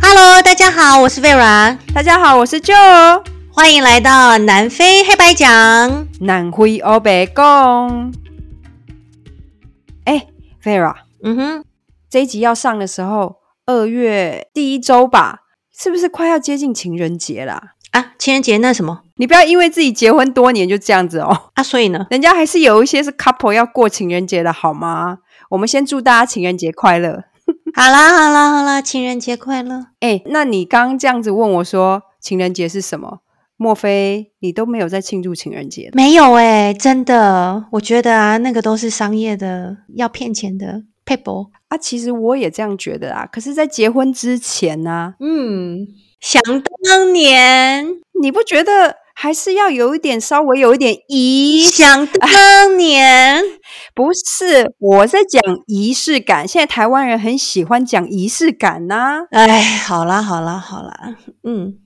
哈嘍，大家好，我是 Vera。大家好，我是 Jo。歡迎來到南非黑白講，南非歐北共。哎，Vera，嗯哼，這一集要上的時候，二月第一周吧，是不是快要接近情人節了啊？情人節那什麼？你不要因為自己結婚多年就這樣子哦啊！所以呢，人家還是有一些是 couple 要過情人節的好嗎？我們先祝大家情人節快樂！ 好啦好啦好啦，情人節快樂！哎、欸，那你剛這樣子問我說情人節是什麼？莫非你都沒有在慶祝情人節？沒有哎、欸，真的，我覺得啊，那個都是商業的，要騙錢的 people 啊。其實我也這樣覺得啊，可是，在結婚之前呢、啊，嗯，想當年，你不覺得？還是要有一點，稍微有一點儀想當年， 不是我在講儀式感。現在台灣人很喜歡講儀式感吶、啊。哎，好啦，好啦，好啦，嗯。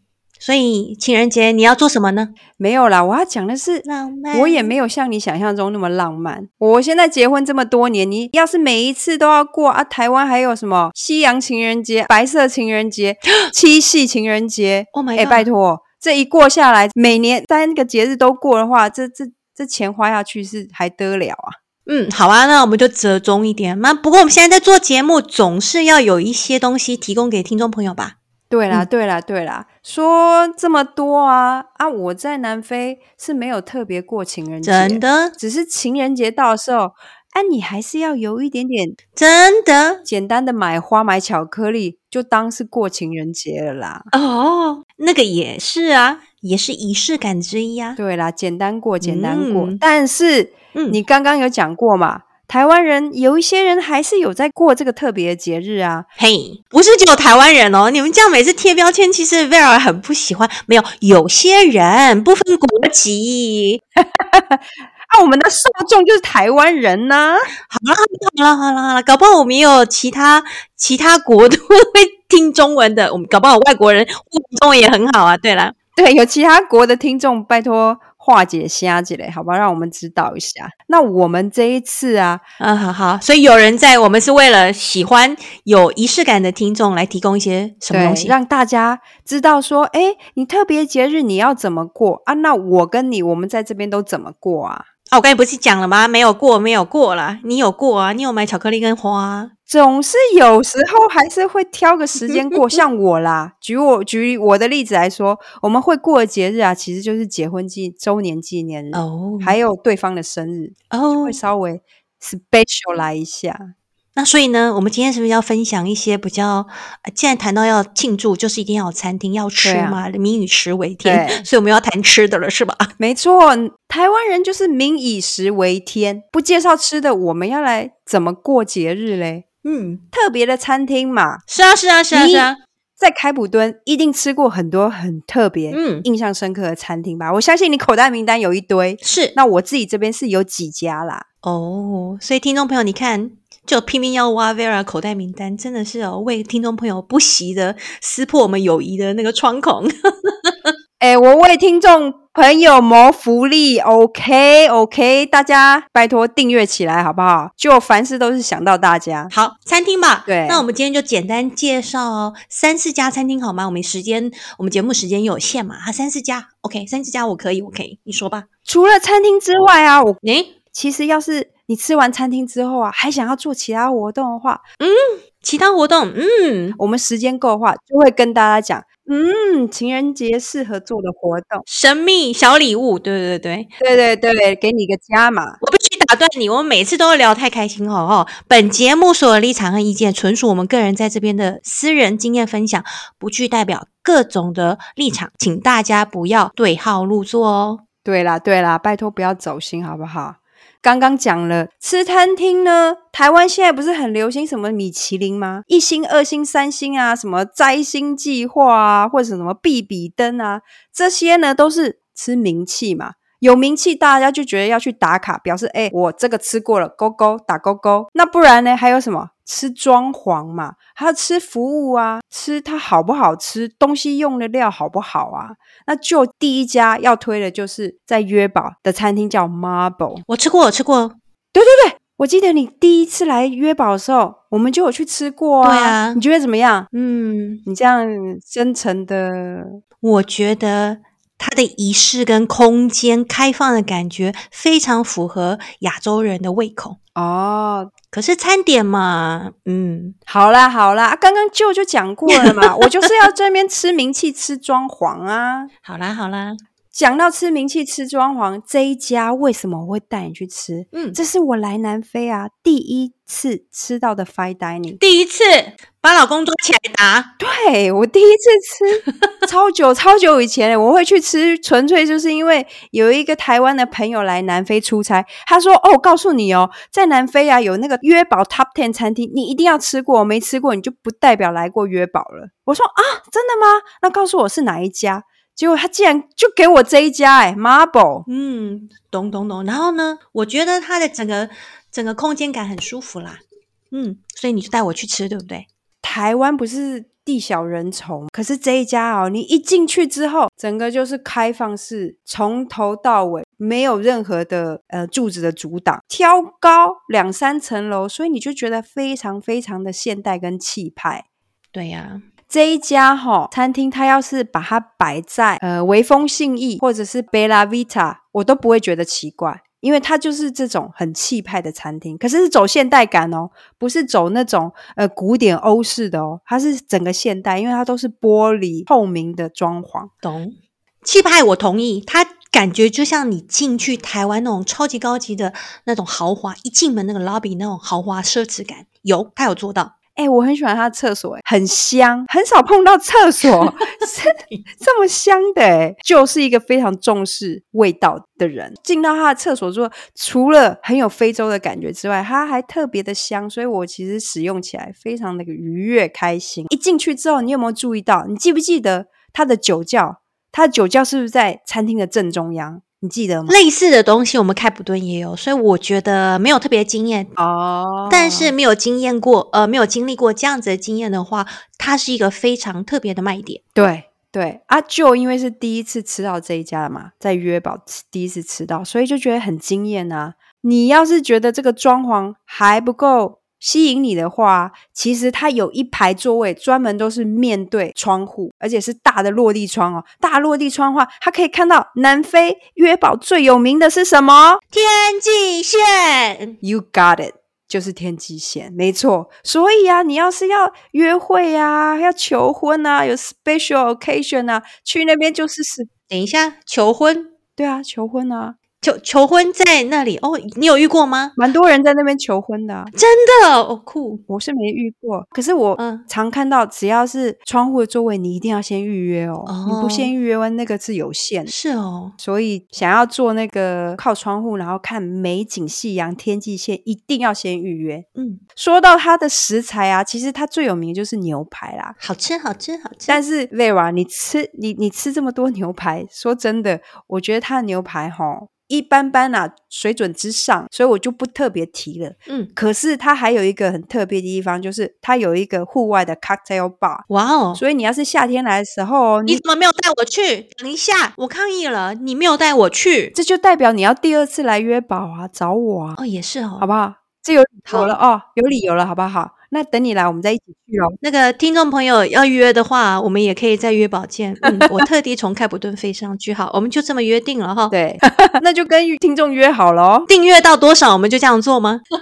所以情人節你要做什麼呢？沒有啦，我要講的是浪漫。我也沒有像你想象中那麼浪漫。我現在結婚這麼多年，你要是每一次都要過啊？台灣還有什麼西洋情人節、白色情人節、 七夕情人節？哦、oh、，my god！、欸、拜託。這一過下來，每年三個節日都過的話，這這這錢花下去是還得了啊？嗯，好啊，那我們就折中一點嘛。嘛不過我們現在在做節目，總是要有一些東西提供給聽眾朋友吧？對啦，嗯、對啦，對啦！說這麼多啊啊！我在南非是沒有特別過情人節。真的，只是情人節到的時候，哎、啊，你還是要有一點點真的簡單的買花買巧克力，就當是過情人節了啦。哦、oh.。那個也是啊，也是儀式感之一啊。對啦，簡單過，簡單過，嗯。但是，嗯，你剛剛有講過嘛？台灣人有一些人還是有在過這個特別的節日啊。嘿、hey，不是只有台灣人哦，你們這樣每次貼標籤，其實 Vera 很不喜歡。沒有，有些人不分國籍。 那我們的受眾就是台灣人吶、啊。好啦，好啦，好啦，好啦，搞不好我們也有其他其他國都會聽中文的。我們搞不好外國人聽中文也很好啊。對啦，對，有其他國的聽眾，拜托化解蝦之類，好不好？讓我們知道一下。那我們這一次啊，嗯，好好。所以有人在，我們是為了喜歡有儀式感的聽眾來提供一些什麼東西，讓大家知道說，哎，你特別節日你要怎麼過啊？那我跟你，我們在這邊都怎麼過啊？啊、我剛才不是講了嗎？沒有過，沒有過啦。你有過啊？你有買巧克力跟花，啊？總是有時候還是會挑個時間過。 像我啦，舉我舉我的例子來說，我們會過的節日啊，其實就是結婚紀周年紀念日哦，oh. 還有對方的生日哦，就會稍微 special 來一下。那所以呢，我們今天是不是要分享一些比較，呃，既然談到要慶祝，就是一定要有餐廳要吃嘛，民、啊、以食為天，所以我們要談吃的了，是吧？沒錯，台灣人就是民以食為天，不介紹吃的，我們要來怎麼過節日嘞？嗯，特別的餐廳嘛。是啊，是啊，是啊，是啊，是啊，在開普敦一定吃過很多很特別、嗯，印象深刻的餐廳吧？我相信你口袋名單有一堆。是，那我自己這邊是有幾家啦。哦，所以聽眾朋友，你看。就拼命要挖 Vera 口袋名單，真的是哦，為聽眾朋友不惜的撕破我們友誼的那個窗口。哎 欸，我為聽眾朋友謀福利，OK OK，大家拜托訂閱起來好不好？就凡事都是想到大家。好，餐廳吧。對，那我們今天就簡單介紹、哦、三四家餐廳好嗎？我們時間，我們節目時間有限嘛，啊，三四家，OK，三四家我可以，OK，你說吧。除了餐廳之外啊，哦、我誒、欸，其實要是。你吃完餐廳之後啊，還想要做其他活動的話，嗯，其他活動，嗯，我們時間夠的話，就會跟大家講，嗯，情人節適合做的活動，神秘小禮物，對對對對對對，對給你一個加碼。我不去打斷你，我們每次都會聊得太開心吼吼、哦哦，本節目所有立場和意見，純屬我們個人在這邊的私人經驗分享，不具代表各種的立場，嗯、請大家不要對號入座哦。對啦對啦，拜託不要走心好不好？剛剛講了吃餐廳呢，台灣現在不是很流行什麼米其林嗎？一星、二星、三星啊，什麼摘星計劃啊，或者什麼必比登啊，這些呢都是吃名氣嘛。有名氣，大家就覺得要去打卡，表示誒、欸、我這個吃過了，勾勾打勾勾。那不然呢？還有什麼？吃裝潢嘛，還有吃服務啊，吃它好不好吃？東西用的料好不好啊？那就第一家要推的就是在約堡的餐廳叫 Marble，我吃過，我吃過。對對對，我記得你第一次來約堡的時候，我們就有去吃過啊。對啊，你覺得怎麼樣？嗯，你這樣真誠的，我覺得。它的儀式跟空間開放的感覺非常符合亞洲人的胃口哦。Oh. 可是餐點嘛，嗯，好啦好啦，啊、剛剛舅就講過了嘛， 我就是要這邊吃名氣 吃裝潢啊。好啦好啦。講到吃名氣、吃裝潢，這一家為什麼我會帶你去吃？嗯，這是我來南非啊第一次吃到的 Fine Dining，第一次把老公捉起來打。對，我第一次吃，超久超久以前我會去吃， 純粹就是因為有一個台灣的朋友來南非出差，他說：“哦，我告訴你哦，在南非啊有那個約堡 Top Ten 餐廳，你一定要吃過，沒吃過你就不代表來過約堡了。”我說：“啊，真的嗎？那告訴我是哪一家？”結果他竟然就給我這一家哎，Marble，嗯，懂懂懂。然後呢，我覺得它的整個整個空間感很舒服啦，嗯，所以你就帶我去吃，對不對？台灣不是地小人稠，可是這一家哦，你一進去之後，整個就是開放式，從頭到尾沒有任何的呃柱子的阻擋，挑高兩三層樓，所以你就覺得非常非常的現代跟氣派，對呀，啊。這一家哈、哦、餐廳，他要是把它擺在呃微風信義或者是貝拉維塔，我都不會覺得奇怪，因為它就是這種很氣派的餐廳。可是是走現代感哦，不是走那種呃古典歐式的哦，它是整個現代，因為它都是玻璃透明的裝潢。懂，氣派我同意，它感覺就像你進去台灣那種超級高級的那種豪華，一進門那個 lobby 那種豪華奢侈感有，它有做到。哎、欸，我很喜歡他的廁所，很香，很少碰到廁所 這麼香的，就是一個非常重視味道的人。進到他的廁所之後，除了很有非洲的感覺之外，它還特別的香，所以我其實使用起來非常那個愉悅開心。一進去之後，你有沒有注意到？你記不記得他的酒窖？他的酒窖是不是在餐廳的正中央？你記得嗎？類似的東西，我們開普敦也有，所以我覺得沒有特別驚豔哦。Oh. 但是沒有經驗過，呃，沒有經歷過這樣子的經驗的話，它是一個非常特別的賣點。對對，啊就因為是第一次吃到的這一家嘛，在約堡第一次吃到，所以就覺得很驚豔啊。你要是覺得這個裝潢還不夠。吸引你的話，其實它有一排座位專門都是面對窗戶，而且是大的落地窗哦。大落地窗的話，它可以看到南非約堡最有名的是什麼？天際線。You got it，就是天際線，沒錯。所以啊，你要是要約會呀、啊，要求婚啊，有 special occasion 啊，去那邊就是是。等一下，求婚？對啊，求婚啊。求求婚在那裡哦，oh, 你有遇過嗎？蠻多人在那邊求婚的、啊， 真的哦酷，oh, cool. 我是沒遇過，可是我常看到，只要是窗戶的座位，你一定要先預約哦，oh. 你不先預約，那個是有限，是哦。所以想要坐那個靠窗戶，然後看美景、夕陽、天際線，一定要先預約。嗯，說到它的食材啊，其實它最有名就是牛排啦，好吃、好吃、好吃。但是 Vera, 你吃你你吃這麼多牛排，說真的，我覺得它的牛排哈。一般般啦，啊，水準之上，所以我就不特別提了。嗯，可是它還有一個很特別的地方，就是它有一個戶外的 cocktail bar。哇哦！所以你要是夏天來的時候，你，你怎麼沒有帶我去？等一下，我抗議了，你沒有帶我去，這就代表你要第二次來約堡啊，找我啊。哦，也是哦，好不好？這有理由了哦，有理由了，好不好？好那等你來，我們再一起去哦。那個聽眾朋友要約的話，我們也可以再約保健。嗯， 我特地從開普敦飛上去，好，我們就這麼約定了哈、哦。對，那就跟聽眾約好咯。訂閱到多少，我們就這樣做嗎？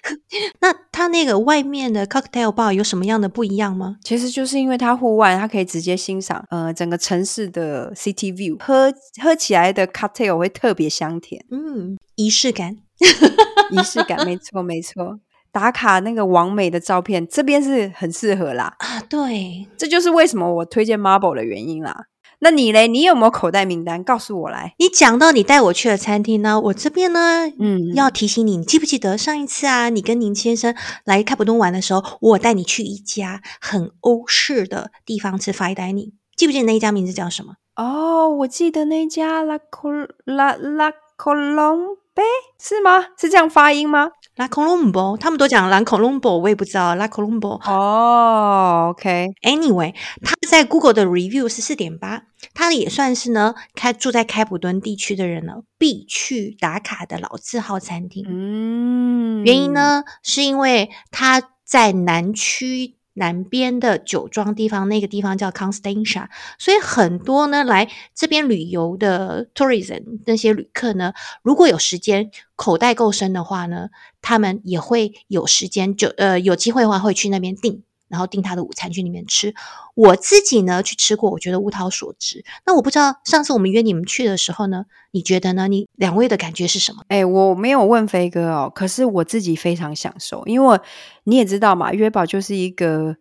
那它那個外面的 cocktail bar 有什麼樣的不一樣嗎？其實就是因為它戶外，它可以直接欣賞呃整個城市的 city view，喝喝起來的 cocktail 會特別香甜。嗯，儀式感， 儀式感，沒錯，沒錯。打卡那個網美的照片，這邊是很適合啦。啊，對，這就是為什麼我推薦 Marble 的原因啦。那你嘞，你有沒有口袋名單？告訴我來。你講到你帶我去的餐廳呢，我這邊呢，嗯，要提醒你，你記不記得上一次啊，你跟林先生來開普敦玩的時候，我帶你去一家很歐式的地方吃 fine dining，記不記得那一家名字叫什麼？哦，我記得那一家 La Col, La, La Colombe 哎，是嗎？是這樣發音嗎？La Colombe，他們都講 La Colombe，我也不知道 La Colombe。哦，OK。Anyway，他在 Google 的 Review 是四點八，他也算是呢開住在開普敦地區的人呢必去打卡的老字號餐廳。嗯，原因呢是因為他在南區。南邊的酒莊地方，那個地方叫 Constantia，所以很多呢來這邊旅遊的 tourism 那些旅客呢，如果有時間，口袋夠深的話呢，他們也會有時間就呃有機會的話會去那邊訂，然後訂他的午餐去裡面吃，我自己呢去吃過，我覺得物超所值。那我不知道上次我們約你們去的時候呢，你覺得呢？你兩位的感覺是什麼？誒，我沒有問飛哥哦，可是我自己非常享受，因為你也知道嘛，約堡就是一個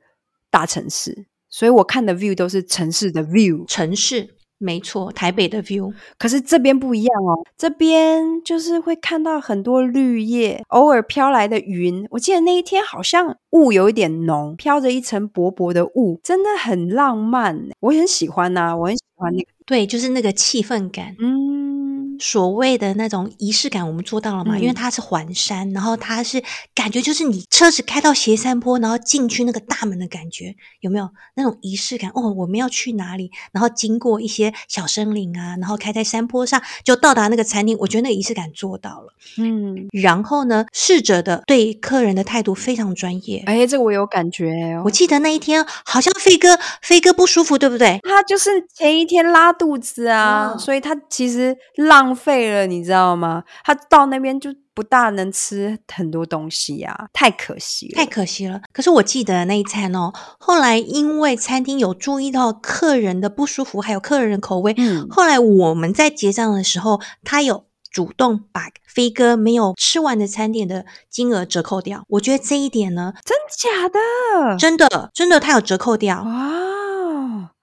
大城市，所以我看的 view 都是城市的 view，城市。沒錯，台北的 view，可是這邊不一樣哦。這邊就是會看到很多綠葉，偶爾飄來的雲。我記得那一天好像霧有一點濃，飄着一層薄薄的霧，真的很浪漫。我很喜歡吶，啊，我很喜歡那個，對，就是那個氣氛感。嗯。所謂的那種儀式感，我們做到了嗎？嗯嗯？因為它是環山，然後它是感覺就是你車子開到斜山坡，然後進去那個大門的感覺，有沒有那種儀式感？哦，我們要去哪裡？然後經過一些小森林啊，然後開在山坡上就到達那個餐廳。我覺得那個儀式感做到了，嗯，嗯。然後呢，侍者的對客人的態度非常專業。哎，欸，這個我有感覺，欸喔。我記得那一天好像飛哥飛哥不舒服，對不對？他就是前一天拉肚子啊，嗯、所以他其實浪。浪費了，你知道嗎？他到那邊就不大能吃很多東西呀，太可惜了，太可惜了。可是我記得那一餐哦，後來因為餐廳有注意到客人的不舒服，還有客人的口味，嗯，後來我們在結賬的時候，他有主動把飛哥沒有吃完的餐點的金額折扣掉。我覺得這一點呢，真假的？真的，真的他有折扣掉啊。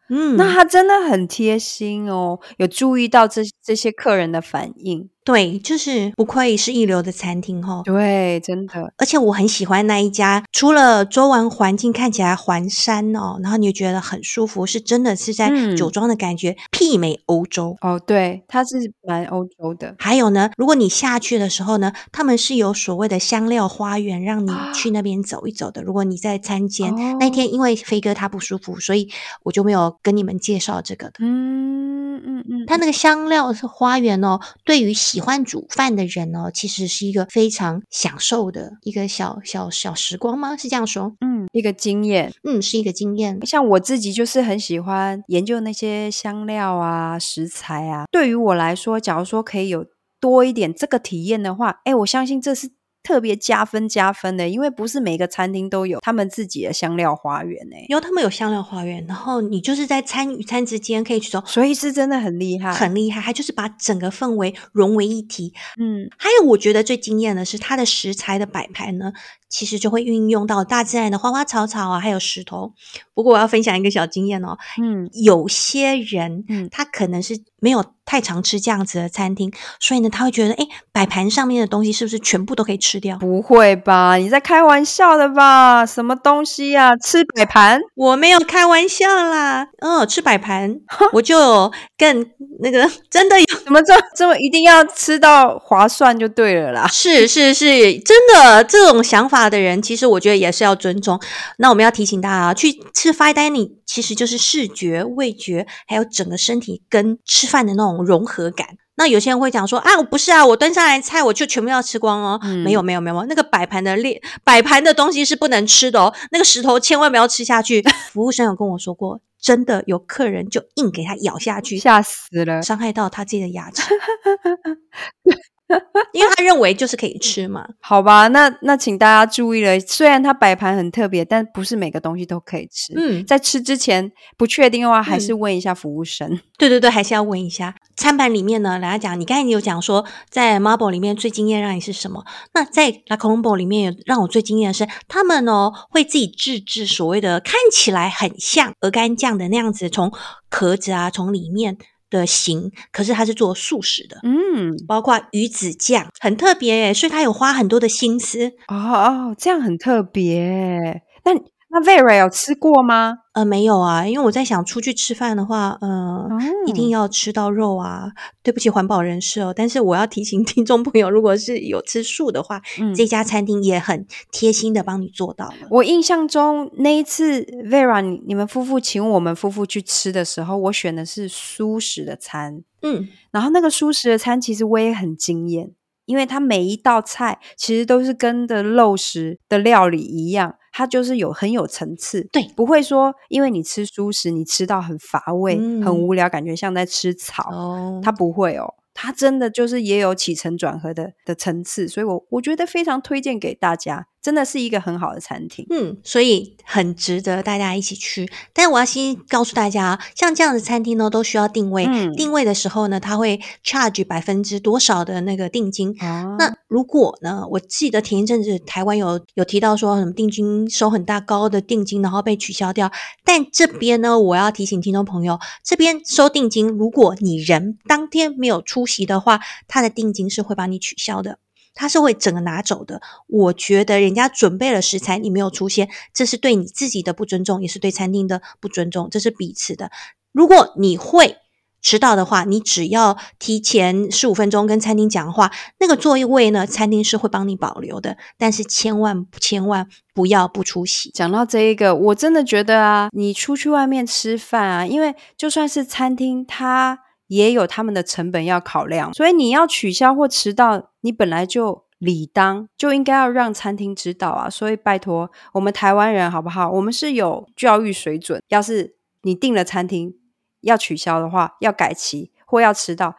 嗯， 那他真的很貼心哦，有注意到這這些客人的反應。對，就是不愧是一流的餐廳哈、哦。對，真的，而且我很喜歡那一家，除了周圍環境看起來環山哦，然後你就覺得很舒服，是真的是在酒莊的感覺，嗯、媲美歐洲哦。對，它是蠻歐洲的。還有呢，如果你下去的時候呢，他們是有所謂的香料花園，讓你去那邊走一走的。啊、如果你在餐間那天，因為飛哥他不舒服，所以我就沒有跟你們介紹這個的。嗯嗯嗯，他那個香料是花園哦，對於西。喜歡煮飯的人哦，其實是一個非常享受的一個小小小時光嗎？是這樣說？嗯，一個經驗，嗯，是一個經驗。像我自己就是很喜歡研究那些香料啊、食材啊。對於我來說，假如說可以有多一點這個體驗的話，哎，我相信這是。特別加分加分的、欸，因為不是每個餐廳都有他們自己的香料花園呢、欸。然後他們有香料花園，然後你就是在餐與餐之間可以去走，所以是真的很厲害，很厲害。還就是把整個氛圍融為一體。嗯，還有我覺得最驚豔的是它的食材的擺盤呢。其實就會運用到大自然的花花草草啊，還有石頭。不過我要分享一個小經驗哦，嗯，有些人，嗯，他可能是沒有太常吃這樣子的餐廳，所以呢，他會覺得，哎，擺盤上面的東西是不是全部都可以吃掉？不會吧？你在開玩笑的吧？什麼東西啊？吃擺盤？我沒有開玩笑啦，嗯、哦，吃擺盤， 我就更那個，真的有怎麼這這麼一定要吃到划算就對了啦？是是是，真的這種想法。怕的人，其實我覺得也是要尊重。那我們要提醒大家，去吃 fine dining 其實就是視覺、味覺，還有整個身體跟吃飯的那種融合感。那有些人會講說：“啊，我不是啊，我端上來的菜，我就全部要吃光哦。嗯”沒有，沒有，沒有，那個擺盤的列擺盤的東西是不能吃的哦。那個石頭千萬不要吃下去。 服務生有跟我說過，真的有客人就硬給他咬下去，嚇死了，傷害到他自己的牙齒。 因為他認為就是可以吃嘛，嗯、好吧，那那請大家注意了，雖然它擺盤很特別，但不是每個東西都可以吃。嗯，在吃之前不確定的話，還是問一下服務生、嗯。對對對，還是要問一下。餐盤裡面呢，來講，你剛才有講說，在 Marble 裡面最驚豔讓你是什麼？那在 La Colombe 裡面有讓我最驚豔的是，他們哦會自己自制,制所謂的看起來很像鵝肝醬的那樣子，從殼子啊從裡面。的型，可是它是做素食的，嗯，包括魚子醬，很特別，欸，所以它有花很多的心思哦，哦，這樣很特別，那。那 Vera 有吃過嗎？呃，沒有啊，因為我在想，出去吃飯的話，嗯、呃，oh. 一定要吃到肉啊。對不起，環保人士哦。但是我要提醒聽眾朋友，如果是有吃素的話，嗯，這家餐廳也很貼心的幫你做到了。我印象中那一次，Vera，你，你們夫婦請我們夫婦去吃的時候，我選的是素食的餐，嗯，然後那個素食的餐其實我也很驚艷，因為它每一道菜其實都是跟的肉食的料理一樣。它就是有很有層次，對，不會說因為你吃蔬食，你吃到很乏味，嗯、很無聊，感覺像在吃草，哦。它不會哦，它真的就是也有起承轉合的的層次，所以我我覺得非常推薦給大家。真的是一個很好的餐廳，嗯，所以很值得大家一起去。但我要先告訴大家，像這樣的餐廳呢，都需要訂位。嗯、訂位的時候呢，它會 charge 百分之多少的那個定金。啊、那如果呢，我記得前一陣子台灣有有提到說什麼定金收很大高的定金，然後被取消掉。但這邊呢，我要提醒聽眾朋友，這邊收定金，如果你人當天沒有出席的話，他的定金是會把你取消的。他是會整個拿走的。我覺得人家準備了食材，你沒有出現，這是對你自己的不尊重，也是對餐廳的不尊重，這是彼此的。如果你會遲到的話，你只要提前十五分鐘跟餐廳講話，那個座位呢，餐廳是會幫你保留的。但是千萬千萬不要不出席。講到這一個，我真的覺得啊，你出去外面吃飯啊，因為就算是餐廳，它。也有他們的成本要考量，所以你要取消或遲到，你本來就理當就應該要讓餐廳知道啊。所以拜托我們台灣人好不好？我們是有教育水準，要是你訂了餐廳要取消的話，要改期或要遲到，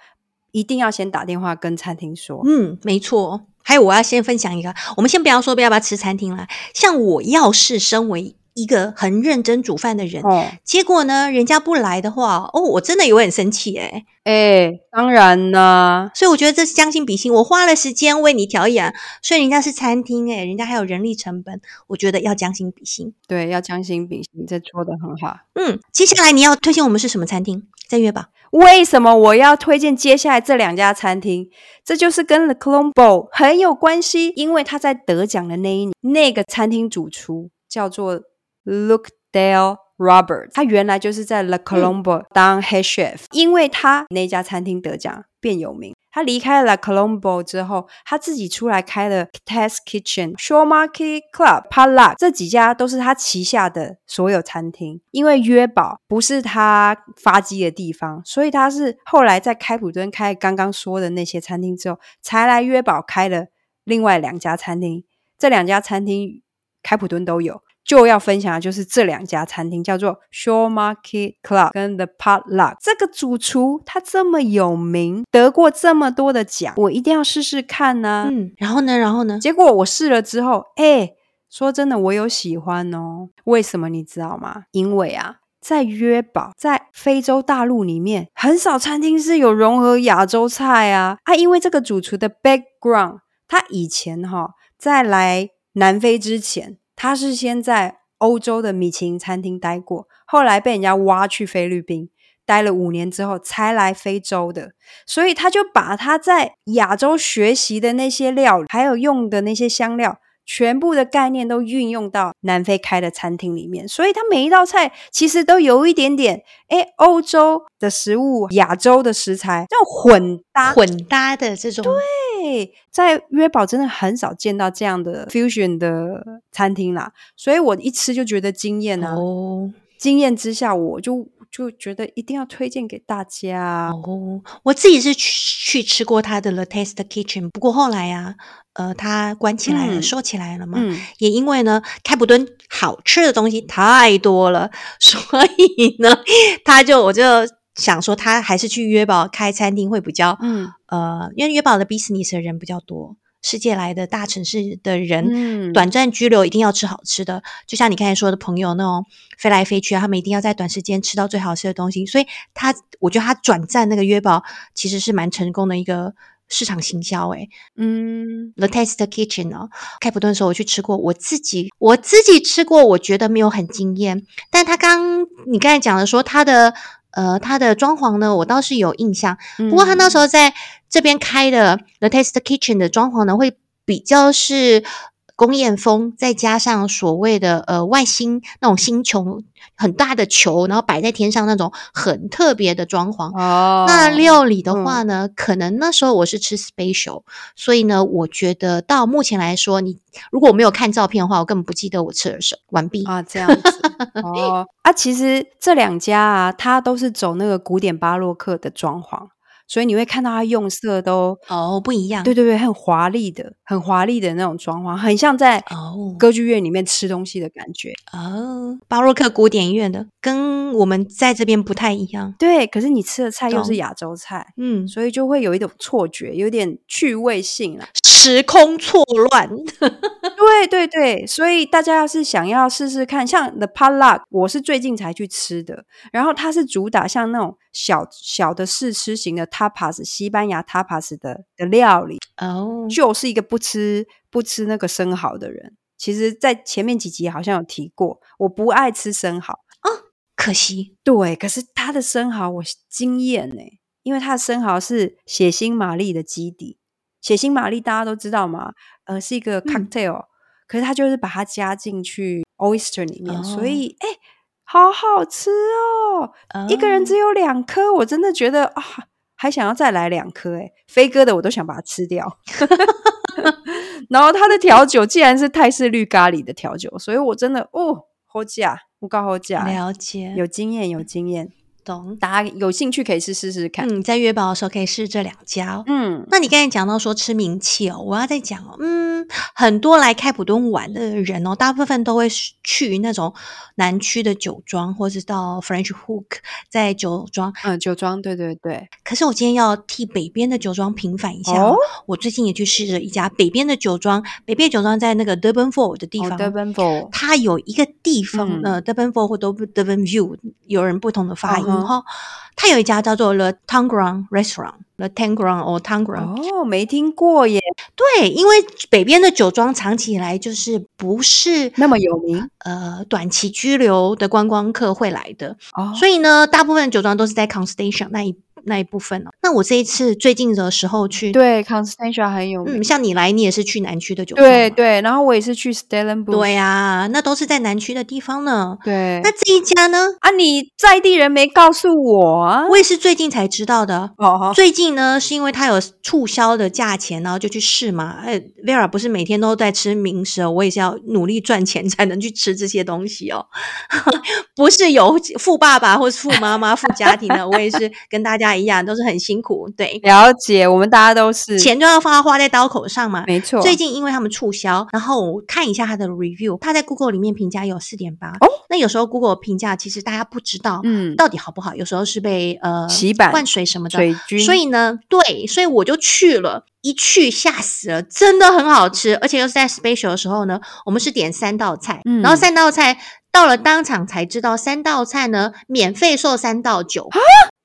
一定要先打電話跟餐廳說。嗯，沒錯。還有，我要先分享一個，我們先不要說不要不要吃餐廳啦，像我要是身為。一個很認真煮飯的人、哦，結果呢，人家不來的話，哦，我真的有點生氣誒、欸、誒、欸、當然啦，所以我覺得這是將心比心，我花了時間為你調養，所以人家是餐廳、欸，誒人家還有人力成本，我覺得要將心比心，對，要將心比心，這說得很好。嗯，接下來你要推薦我們是什麼餐廳？再約吧。為什麼我要推薦接下來這兩家餐廳？這就是跟 La Colombe 很有關係，因為他在得獎的那一年，那個餐廳主廚叫做。Luke Dale Roberts，他原來就是在 La Colombe 當 head chef，因為他那家餐廳得獎便有名。他離開了 La Colombe 之後，他自己出來開了 Test Kitchen、Shortmarket Club、Pala 這幾家都是他旗下的所有餐廳。因為約堡不是他發跡的地方，所以他是後來在開普敦開剛剛說的那些餐廳之後，才來約堡開了另外兩家餐廳。這兩家餐廳，開普敦都有。就要分享的就是這兩家餐廳，叫做 Shortmarket Club 跟 The Pot Luck。這個主廚他這麼有名，得過這麼多的獎，我一定要試試看啊！嗯，然後呢，然後呢？結果我試了之後，哎，說真的，我有喜歡哦。為什麼你知道嗎？因為啊，在約堡，在非洲大陸裡面，很少餐廳是有融合亞洲菜啊。啊，因為這個主廚的 background，他以前哈、哦、在來南非之前。他是先在歐洲的米其林餐廳待過，後來被人家挖去菲律賓待了五年之後才來非洲的，所以他就把他在亞洲學習的那些料理，還有用的那些香料，全部的概念都運用到南非開的餐廳裡面，所以他每一道菜其實都有一點點，哎，歐洲的食物、亞洲的食材，這種混搭、混搭的這種。對。對，在約堡真的很少見到這樣的 fusion 的餐廳啦，所以我一吃就覺得驚艷哦、啊，驚、oh. 艷之下，我就就覺得一定要推薦給大家。哦、oh.，我自己是去，去吃過他的 The Test Kitchen，不過後來呀、啊，呃，他關起來了，收、嗯、起來了嘛、嗯。也因為呢，開普敦好吃的東西太多了，所以呢，他就我就。想說他還是去約堡開餐廳會比較，嗯，呃，因為約堡的 business 的人比較多，世界來的大城市的人、嗯，短暫居留一定要吃好吃的。就像你剛才說的朋友那種飛來飛去、啊、他們一定要在短時間吃到最好吃的東西。所以他，我覺得他轉戰那個約堡其實是蠻成功的一個市場行銷、欸。誒嗯，The Test Kitchen 啊、哦，開普敦的時候我去吃過，我自己我自己吃過，我覺得沒有很驚艷。但他剛你剛才講的說他的。呃，他的裝潢呢，我倒是有印象，嗯。不過他那時候在這邊開的《The Test Kitchen》的裝潢呢，會比較是宮廷風，再加上所謂的呃外星那種星球很大的球，然後擺在天上那種很特別的裝潢哦。Oh, 那料理的話呢、嗯，可能那時候我是吃 special，所以呢，我覺得到目前來說，你如果我沒有看照片的話，我根本不記得我吃了什麼完畢啊、oh, 這樣子哦、oh. 啊，其實這兩家啊，它都是走那個古典巴洛克的裝潢。所以你會看到它用色都哦、oh, 不一樣，對對對，很華麗的，很華麗的那種裝潢，很像在哦歌劇院裡面吃東西的感覺哦、oh. oh, 巴洛克古典音樂的，跟我們在這邊不太一樣。對，可是你吃的菜又是亞洲菜，嗯、oh.，所以就會有一種錯覺，有點趣味性啊，時空錯亂。 對對對，所以大家要是想要試試看，像 The Pot Luck，我是最近才去吃的，然後它是主打像那種。小小的試吃型的 tapas，西班牙 tapas 的的料理哦，oh. 就是一個不吃不吃那個生蠔的人。其實，在前面幾集好像有提過，我不愛吃生蠔、oh, 可惜。對，可是他的生蠔我驚豔呢，因為他的生蠔是血腥瑪麗的基底。血腥瑪麗大家都知道嘛，呃，是一個 cocktail，、嗯、可是他就是把它加進去 oyster 裡面，oh. 所以哎。欸好好吃哦！Oh. 一個人只有兩顆，我真的覺得啊，還想要再來兩顆誒，飛哥的我都想把它吃掉， 然後他的調酒竟然是泰式綠咖喱的調酒，所以我真的哦，好假，我告好假，了解，有經驗，有經驗。大家有興趣可以試試試看。嗯，在約堡的時候可以試這兩家。哦。嗯，那你剛才講到說吃名氣哦，我要再講哦。嗯，很多來開普敦玩的人哦，大部分都會去那種南區的酒莊，或者是到 French Hook 在酒莊。嗯，酒莊，對對對。可是我今天要替北邊的酒莊平反一下哦，哦。我最近也去試了一家北邊的酒莊，北邊的酒莊在那個 Durbanville 的地方。Durbanville，它有一個地方，嗯、呃 Durbanville 或 Durbanville，有人不同的發音。嗯然後，它有一家叫做 The Tangram Restaurant，The Tangram or Tangram 哦，沒聽過耶。對，因為北邊的酒莊長期以來就是不是那麼有名，呃，短期居留的觀光客會來的，哦，所以呢，大部分的酒莊都是在 Constantia 那一邊。那一部分呢、哦？那我這一次最近的時候去對、嗯、Constantia 很有名。嗯，像你來，你也是去南區的酒店。對對，然後我也是去 Stellenbosch 對呀、啊，那都是在南區的地方呢。對，那這一家呢？啊，你在地人沒告訴我、啊，我也是最近才知道的。哦、oh, oh.，最近呢，是因為它有促銷的價錢，然後就去試嘛。哎、欸、Vera 不是每天都在吃名食、哦，我也是要努力賺錢才能去吃這些東西哦。 不是有富爸爸或是富媽媽、富 家庭的，我也是跟大家。一樣都是很辛苦，對，了解。我們大家都是錢都要放到花在刀口上嘛，沒錯。最近因為他們促銷，然後我看一下他的 review，他在 Google 裡面評價有四點八。哦，那有時候 Google 評價其實大家不知道，嗯，到底好不好？有時候是被呃洗版、灌水什麼的水菌。所以呢，對，所以我就去了，一去嚇死了，真的很好吃，而且又是在 special 的時候呢，我們是點三道菜，嗯、然後三道菜到了當場才知道，三道菜呢免費送三道酒、啊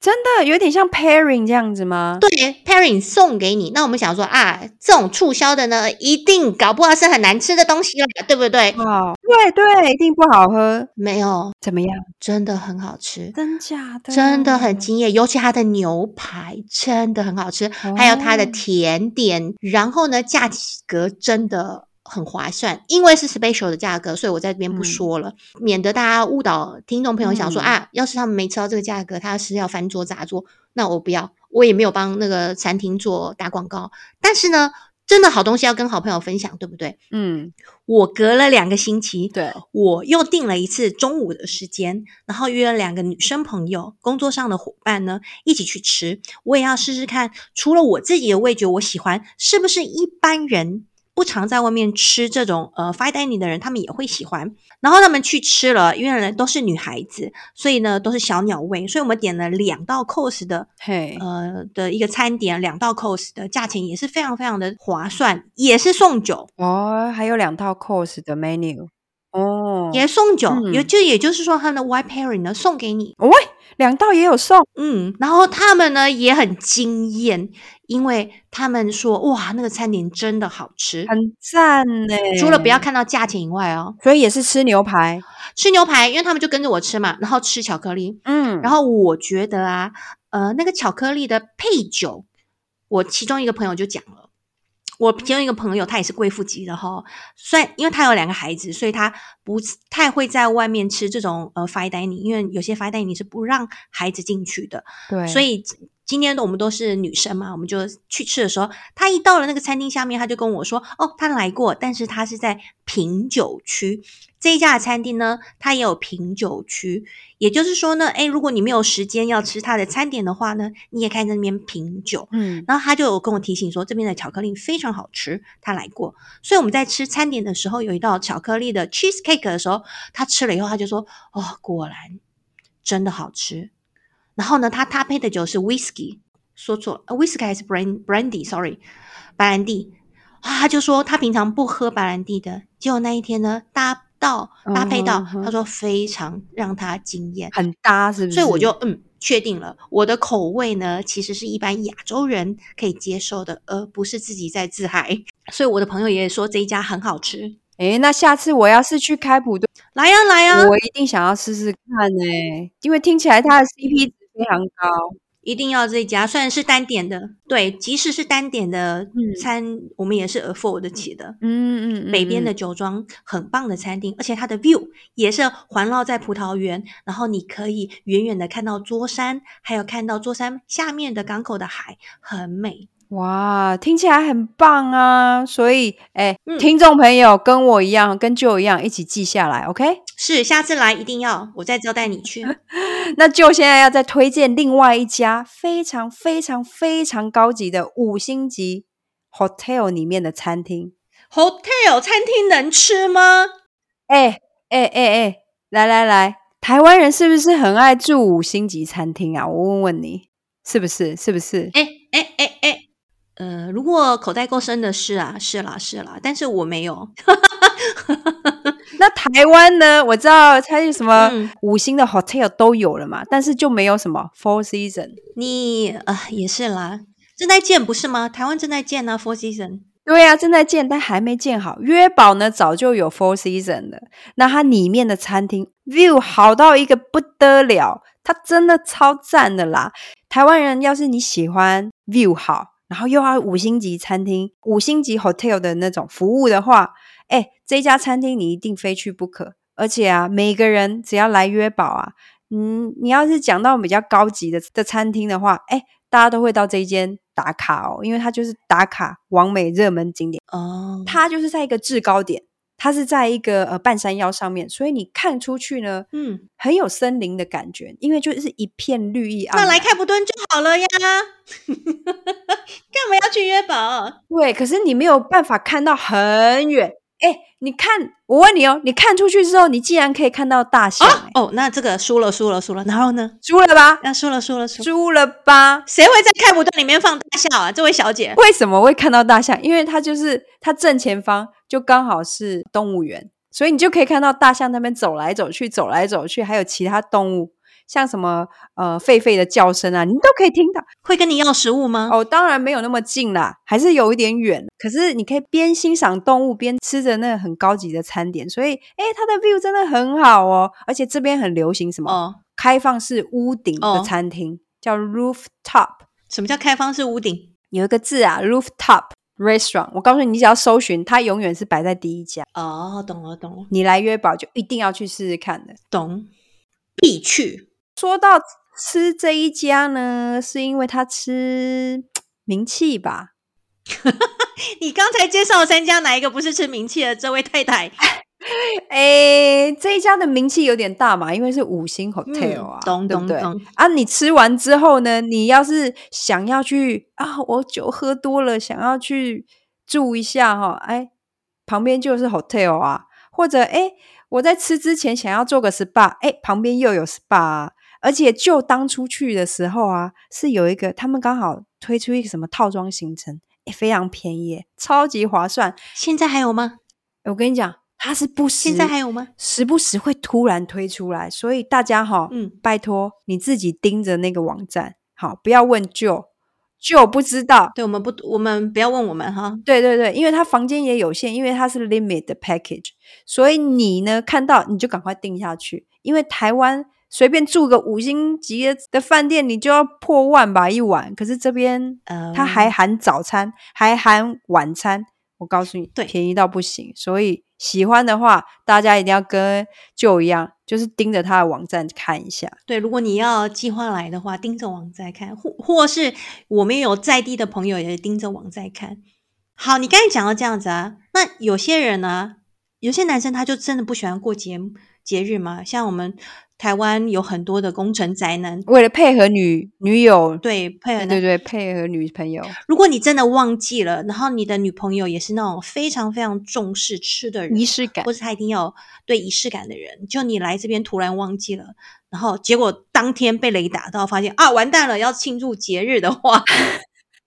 真的有點像 pairing 這樣子嗎？對，pairing 送給你。那我們想說啊，這種促銷的呢，一定搞不好是很難吃的東西啦，對不對？好、哦，對對，一定不好喝。沒有，怎麼樣？真的很好吃，真假的，真的很驚艷。尤其它的牛排真的很好吃、哦，還有它的甜點，然後呢，價格真的。很划算，因為是 special 的價格，所以我在這邊不說了，嗯、免得大家誤導聽眾朋友，想說、嗯、啊，要是他們沒吃到這個價格，他是要翻桌砸桌。那我不要，我也沒有幫那個餐廳做打廣告。但是呢，真的好東西要跟好朋友分享，對不對？嗯，我隔了兩個星期，對，我又訂了一次中午的時間，然後約了兩個女生朋友、工作上的伙伴呢，一起去吃。我也要試試看，除了我自己的味覺，我喜歡，是不是一般人？不常在外面吃這種呃 fine dining 的人，他們也會喜歡。然後他們去吃了，因為呢都是女孩子，所以呢都是小鳥胃，所以我們點了兩道 course 的嘿、hey. 呃的一個餐點，兩道 course 的價錢也是非常非常的划算，也是送酒哦，oh, 還有兩道 course 的 menu 哦、oh.，也送酒，也、嗯、就也就是說他們的 wine pairing 呢送給你。Oh 兩道也有送，嗯，然後他們呢也很驚豔，因為他們說哇，那個餐廳真的好吃，很讚耶。除了不要看到價錢以外哦，所以也是吃牛排，吃牛排，因為他們就跟着我吃嘛，然後吃巧克力，嗯，然後我覺得啊，呃，那個巧克力的配酒，我其中一個朋友就講了。我其中一個朋友，她也是貴婦級的哈，雖然，因為她有兩個孩子，所以她不太會在外面吃這種呃 fine dining 因為有些 fine dining 是不讓孩子進去的。對，所以今天我們都是女生嘛，我們就去吃的時候，她一到了那個餐廳下面，她就跟我說：“哦，她來過，但是她是在品酒區。”這一家的餐廳呢，它也有品酒區，也就是說呢，誒、欸、如果你沒有時間要吃它的餐點的話呢，你也可以在那邊品酒。嗯，然後他就有跟我提醒說，這邊的巧克力非常好吃，他來過，所以我們在吃餐點的時候，有一道巧克力的 cheesecake 的時候，他吃了以後，他就說：“哦，果然真的好吃。”然後呢，他搭配的酒是 whisky，說錯了、呃、，whisky 還是 brand brandy，sorry，白蘭地。啊、哦，他就說他平常不喝白蘭地的，結果那一天呢，大家。到搭配到，uh -huh. 他說非常讓他驚艷，很搭，是不是？所以我就嗯，確定了，我的口味呢，其實是一般亞洲人可以接受的，而不是自己在自嗨。所以我的朋友也說這一家很好吃，誒、欸，那下次我要是去開普敦，來呀、啊、來呀、啊，我一定想要試試看呢、欸，因為聽起來它的 CP 值非常高。一定要這一家，雖然是單點的，對，即使是單點的、嗯、餐，我們也是 afford 得起的。嗯嗯嗯，嗯，北邊的酒莊很棒的餐廳、嗯，而且它的 view 也是環繞在葡萄園，然後你可以遠遠的看到桌山，還有看到桌山下面的港口的海，很美。哇，聽起來很棒啊！所以，哎、欸嗯，聽眾朋友跟我一樣，跟舅一樣，一起記下來，OK？是，下次來一定要，我再招待你去。 那就現在要再推薦另外一家非常非常非常高級的五星級 hotel 裡面的餐廳。hotel 餐廳能吃嗎？哎哎哎哎，來來來，台灣人是不是很愛住五星級餐廳啊？我問問你，是不是？是不是？哎哎哎哎，呃，如果口袋夠深的。是啊，是啦是啦，是啦，但是我沒有。 那台灣呢？我知道，它有什麼五星的 hotel 都有了嘛，嗯、但是就沒有什麼 Four Seasons。你啊、呃，也是啦，正在建不是嗎？台灣正在建呢、啊、，Four Seasons。對啊，正在建，但還沒建好。約堡呢，早就有 Four Seasons 的。那它裡面的餐廳 view 好到一個不得了，它真的超讚的啦。台灣人要是你喜歡 view 好，然後又要五星級餐廳、五星級 hotel 的那種服務的話，哎，這家餐廳你一定非去不可，而且啊，每個人只要來約堡啊，嗯，你要是講到比較高級的的餐廳的話，哎，大家都會到這一間打卡哦，因為它就是打卡網美熱門景點哦，它就是在一個制高點，它是在一個呃半山腰上面，所以你看出去呢，嗯，很有森林的感覺，因為就是一片綠意啊，那來開普敦就好了呀， 幹嘛要去約堡啊？對，可是你沒有辦法看到很遠。哎、欸，你看，我問你哦，你看出去之後，你竟然可以看到大象、欸哦，哦，那這個輸了，輸了，輸了，然後呢？輸了吧？那輸了，輸了，輸，輸了吧？誰會在開普敦裡面放大象啊？這位小姐，為什麼會看到大象？因為它就是它正前方就剛好是動物園，所以你就可以看到大象那邊走來走去，走來走去，還有其他動物。像什麼呃，狒狒的叫聲啊，你都可以聽到。會跟你要食物嗎？哦，當然沒有那麼近啦，還是有一點遠。可是你可以邊欣賞動物邊吃着那很高級的餐點，所以哎，它的 view 真的很好哦。而且這邊很流行什麼，oh. 開放式屋頂的餐廳，oh. 叫 rooftop。什麼叫開放式屋頂？有一個字啊，rooftop restaurant。我告訴你，你只要搜尋，它永遠是擺在第一家。哦，懂了懂了。懂你來約堡就一定要去試試看的，懂？必去。說到吃這一家呢，是因為他吃名氣吧？ 你剛才介紹三家，哪一個不是吃名氣的？這位太太，哎、 欸，這一家的名氣有點大嘛，因為是五星 hotel 啊，嗯、對不對？啊，你吃完之後呢，你要是想要去啊，我酒喝多了，想要去住一下哈、哦，哎、欸，旁邊就是 hotel 啊，或者哎、欸，我在吃之前想要做個 spa，哎、欸，旁邊又有 spa、啊。而且就當初去的時候啊，是有一個他們剛好推出一個什麼套裝行程，也、欸、非常便宜，超級划算。現在還有嗎？欸、我跟你講，它是不時現在還有嗎？時不時會突然推出來，所以大家哈，嗯，拜托你自己盯着那個網站，好，不要問就就不知道。對，我們不，我們不要問我們哈。對對對，因為他房間也有限，因為它是 limit 的 package，所以你呢看到你就趕快訂下去，因為台灣。隨便住個五星級的飯店，你就要破萬吧一晚。可是這邊，他、嗯、還含早餐，還含晚餐。我告訴你，對，便宜到不行。所以喜歡的話，大家一定要跟舊一樣，就是盯着他的網站看一下。對，如果你要計劃來的話，盯着網站看，或或是我們有在地的朋友也盯着網站看。好，你剛才講到這樣子啊，那有些人呢、啊，有些男生他就真的不喜歡過節節日嘛，像我們。台灣有很多的工程宅男，為了配合女女友，嗯、對配合男對對，對配合女朋友。如果你真的忘記了，然後你的女朋友也是那種非常非常重視吃的人，儀式感，或者她一定要對儀式感的人，就你來這邊突然忘記了，然後結果當天被雷打到，發現啊完蛋了，要慶祝節日的話。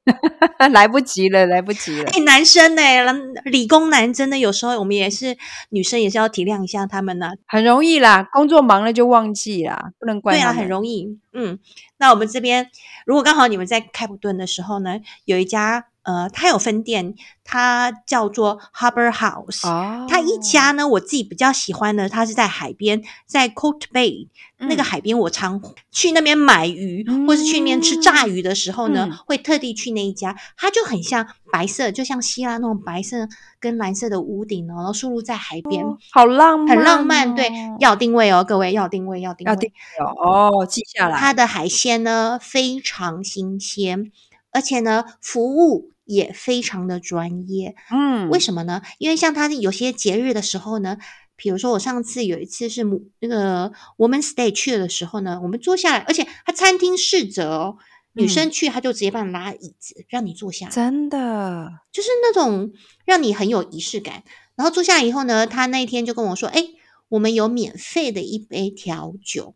來不及了，來不及了。哎、欸，男生呢、欸？理工男真的有時候，我們也是女生，也是要體諒一下他們呢、啊。很容易啦，工作忙了就忘記了，不能怪他。對啊，很容易。嗯，那我們這邊，如果剛好你們在開普敦的時候呢，有一家。呃，它有分店，它叫做 Harbour House、oh。它一家呢，我自己比較喜歡的，它是在海邊，在 Kalk Bay、嗯、那個海邊。我常去那邊買魚，或是去那邊吃炸魚的時候呢，嗯、會特地去那一家、嗯。它就很像白色，就像希臘那種白色跟藍色的屋頂哦，然後坐落在海邊，哦、好浪漫、啊，很浪漫。對，要定位哦，各位要定位，要定位，要定位哦，哦、記下來。它的海鮮呢非常新鮮，而且呢服務也非常的專業，嗯，為什麼呢？因為像他有些節日的時候呢，比如說我上次有一次是那個、呃、我們 stay 去的時候呢，我們坐下來，而且他餐廳侍者哦，女生去他就直接幫你拉椅子、嗯、讓你坐下來，真的就是那種讓你很有儀式感。然後坐下來以後呢，他那一天就跟我說，哎、欸，我們有免費的一杯調酒，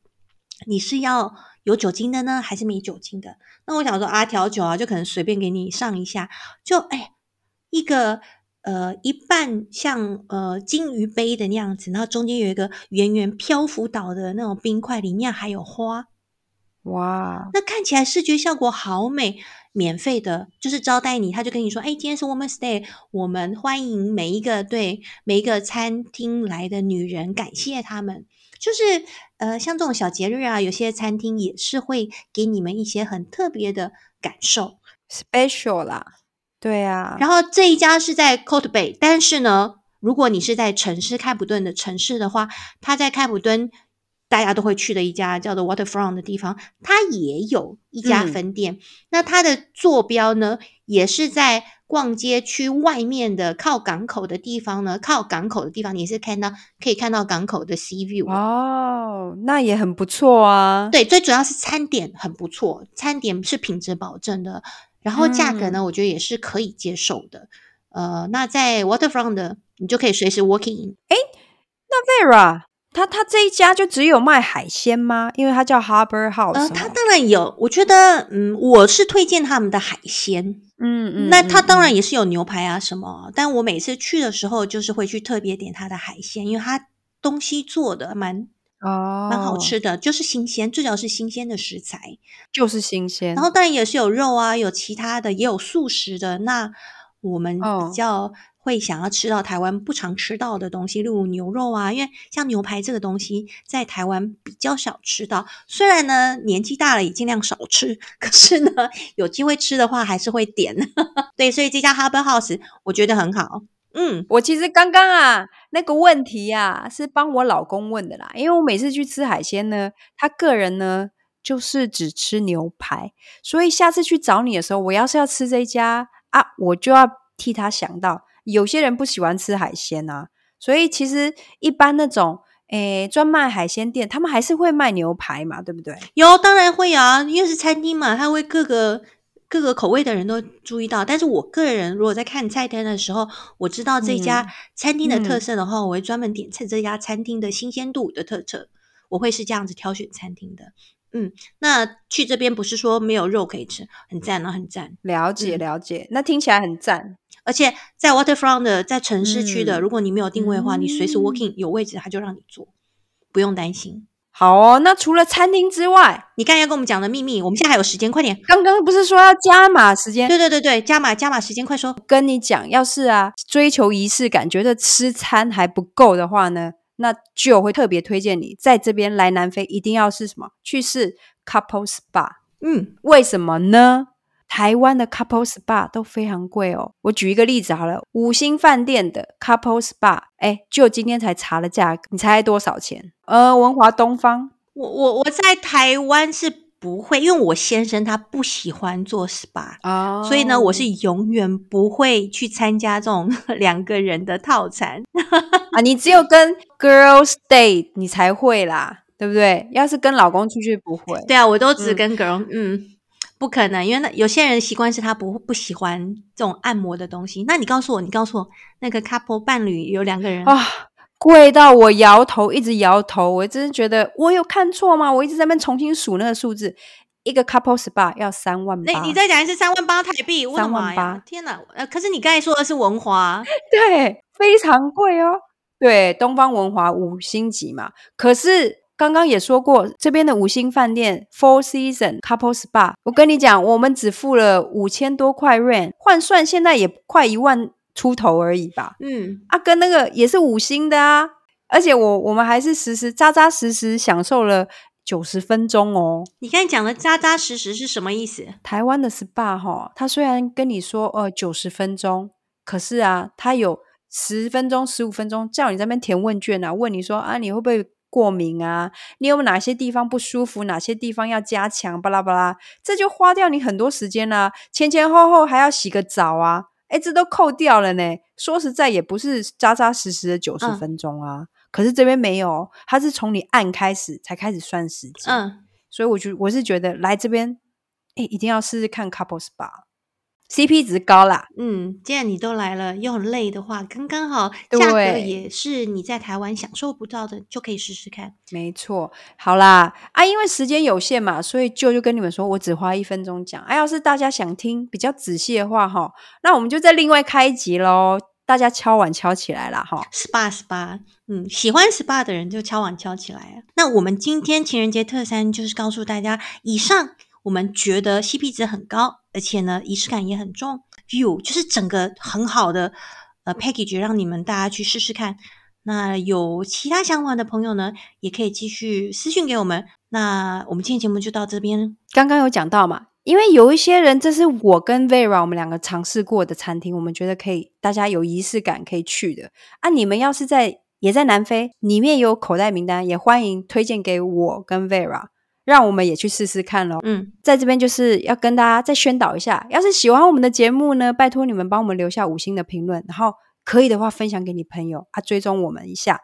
你是要？有酒精的呢，還是沒酒精的？那我想說啊，調酒啊，就可能隨便給你上一下，就哎，一個呃一半像呃金魚杯的那樣子，然後中間有一個圓圓漂浮島的那種冰塊，裡面還有花，哇，那看起來視覺效果好美。免費的，就是招待你，他就跟你說，哎，今天是 Women's Day，我們歡迎每一個對每一個餐廳來的女人，感謝她們。就是呃，像這種小節日啊，有些餐廳也是會給你們一些很特別的感受，special 啦，對呀、啊。然後這一家是在 Kalk Bay，但是呢，如果你是在城市開普敦的城市的話，它在開普敦大家都會去的一家叫做 Waterfront 的地方，它也有一家分店。嗯、那它的坐標呢？也是在逛街區外面的靠港口的地方呢，靠港口的地方也是看到可以看到港口的 Sea View 哦，那也很不錯啊。對，最主要是餐點很不錯，餐點是品質保證的，然後價格呢，嗯、我覺得也是可以接受的。呃，那在 Waterfront 的你就可以隨時 walking in。哎，那 Vera。他他這一家就只有賣海鮮嗎？因為他叫 Harbour House。呃，他當然有，我覺得，嗯，我是推薦他們的海鮮，嗯嗯。那他當然也是有牛排啊什麼、嗯，但我每次去的時候就是會去特別點他的海鮮，因為他東西做的蠻哦蠻好吃的，就是新鮮，最主要是新鮮的食材，就是新鮮。然後當然也是有肉啊，有其他的，也有素食的。那我們比較。哦會想要吃到台灣不常吃到的東西，例如牛肉啊，因為像牛排這個東西在台灣比較少吃到。雖然呢年紀大了也盡量少吃，可是呢有機會吃的話還是會點。呵呵。對，所以這家 Harbour House 我覺得很好。嗯，我其實剛剛啊那個問題啊是幫我老公問的啦，因為我每次去吃海鮮呢，他個人呢就是只吃牛排，所以下次去找你的時候，我要是要吃這家啊，我就要替他想到。有些人不喜歡吃海鮮吶、啊，所以其實一般那種誒專賣海鮮店，他們還是會賣牛排嘛，對不對？有，當然會有，啊，因為是餐廳嘛，他會各個各個口味的人都注意到。但是我個人如果在看菜單的時候，我知道這家餐廳的特色的話，嗯、我會專門點菜這家餐廳的新鮮度的特色，嗯。我會是這樣子挑選餐廳的。嗯，那去這邊不是說沒有肉可以吃，很讚啊，很讚。了解，了解。嗯、那聽起來很讚。而且在 Waterfront 的在城市區的、嗯，如果你沒有定位的話，嗯、你隨時 walk in 有位置，他就讓你坐，不用擔心。好哦，那除了餐廳之外，你剛才跟我們講的秘密，我們現在還有時間，快點！剛剛不是說要加碼時間？對對對對，加碼加碼時間，快說！跟你講，要是啊，追求儀式感，覺得吃餐還不夠的話呢，那就會特別推薦你在這邊來南非，一定要是什麼去試 Couple Spa。嗯，為什麼呢？台灣的 couple spa 都非常貴哦。我舉一個例子好了，五星飯店的 couple spa，誒、欸、就今天才查了價格，你猜多少錢？呃，文華東方。我我我在台灣是不會，因為我先生他不喜歡做 spa，哦、oh. 所以呢，我是永遠不會去參加這種兩個人的套餐 啊。你只有跟 girls date 你才會啦，對不對？要是跟老公出去不會。對啊，我都只跟 girl，嗯。嗯不可能，因為那有些人習慣是他不不喜歡這種按摩的東西。那你告訴我，你告訴我，那個 couple 伴侶有兩個人啊、哦，貴到我搖頭，一直搖頭。我真的覺得我有看錯嗎？我一直在那邊重新數那個數字，一個 couple spa 要三萬八。那你在講是三萬八台幣？三萬八。天哪！呃，可是你剛才說的是文華，對，非常貴哦。對，東方文華五星級嘛，可是。剛剛也說過，這邊的五星飯店 Four Seasons Couple Spa，我跟你講，我們只付了五千多塊 Rand，換算現在也快一萬出頭而已吧。嗯，啊，跟那個也是五星的啊，而且我我們還是實實扎扎實實享受了九十分鐘哦。你剛才講的扎扎實實是什麼意思？台灣的 SPA 哈、哦，他雖然跟你說呃九十分鐘，可是啊，他有十分鐘十五分鐘叫你在那邊填問卷啊，問你說啊你會不會？過敏啊，你有哪些地方不舒服？哪些地方要加強？巴拉巴拉，這就花掉你很多時間了啊。前前後後還要洗個澡啊，誒，這都扣掉了呢。說實在，也不是扎扎實實的九十分鐘啊。嗯。可是這邊沒有，它是從你按開始才開始算時間。嗯，所以我就我是覺得來這邊，誒，一定要試試看 Couple Spa。CP 值高啦，嗯，既然你都來了，又很累的話，剛剛好價格也是你在台灣享受不到的，就可以試試看。沒錯，好啦，啊，因為時間有限嘛，所以就就跟你們說我只花一分鐘講。啊，要是大家想聽比較仔細的話哈，那我們就再另外開一集嘍。大家敲碗敲起來啦，哈，spa spa，嗯，喜歡 spa 的人就敲碗敲起來。那我們今天情人節特輯就是告訴大家以上。我們覺得 CP 值很高，而且呢，儀式感也很重。有，就是整個很好的，呃，package 讓你們大家去試試看。那有其他想法的朋友呢，也可以繼續私訊給我們。那我們今天節目就到這邊。剛剛有講到嘛，因為有一些人，這是我跟 Vera 我們兩個嘗試過的餐廳，我們覺得可以，大家有儀式感可以去的啊。你們要是在也在南非，裡面有口袋名單，也歡迎推薦給我跟 Vera。讓我們也去試試看咯嗯，在這邊就是要跟大家再宣導一下，要是喜歡我們的節目呢，拜托你們幫我們留下五星的評論，然後可以的話分享給你朋友，啊，追蹤我們一下，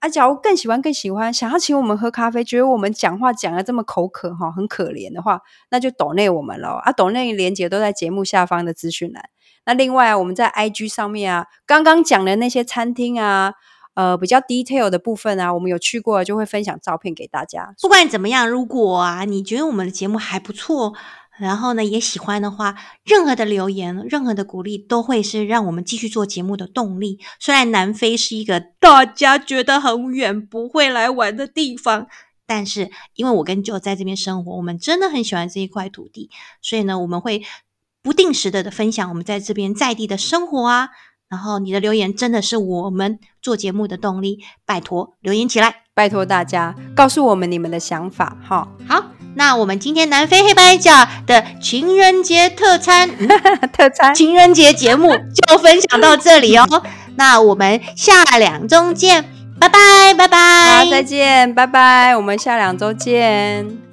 啊，假如更喜歡更喜歡，想要請我們喝咖啡，覺得我們講話講得這麼口渴哈、哦，很可憐的話，那就 Donate 我們咯啊，Donate 連接都在節目下方的資訊欄。那另外啊，我們在 IG 上面啊，剛剛講的那些餐廳啊。呃，比較 detail 的部分啊，我們有去過，就會分享照片給大家。不管怎麼樣，如果啊，你覺得我們的節目還不錯，然後呢，也喜歡的話，任何的留言，任何的鼓勵，都會是讓我們繼續做節目的動力。雖然南非是一個大家覺得很遠不會來玩的地方，但是因為我跟 Joe 在這邊生活，我們真的很喜歡這一塊土地，所以呢，我們會不定時的的分享我們在這邊在地的生活啊。然後你的留言真的是我們做節目的動力，拜托留言起來，拜托大家告訴我們你們的想法哈。好，那我們今天南非黑白講的情人節特餐， 特餐情人節節目就分享到這裡哦。 那我們下兩周見，拜 拜拜拜，拜拜，好，再見，拜拜，我們下兩周見。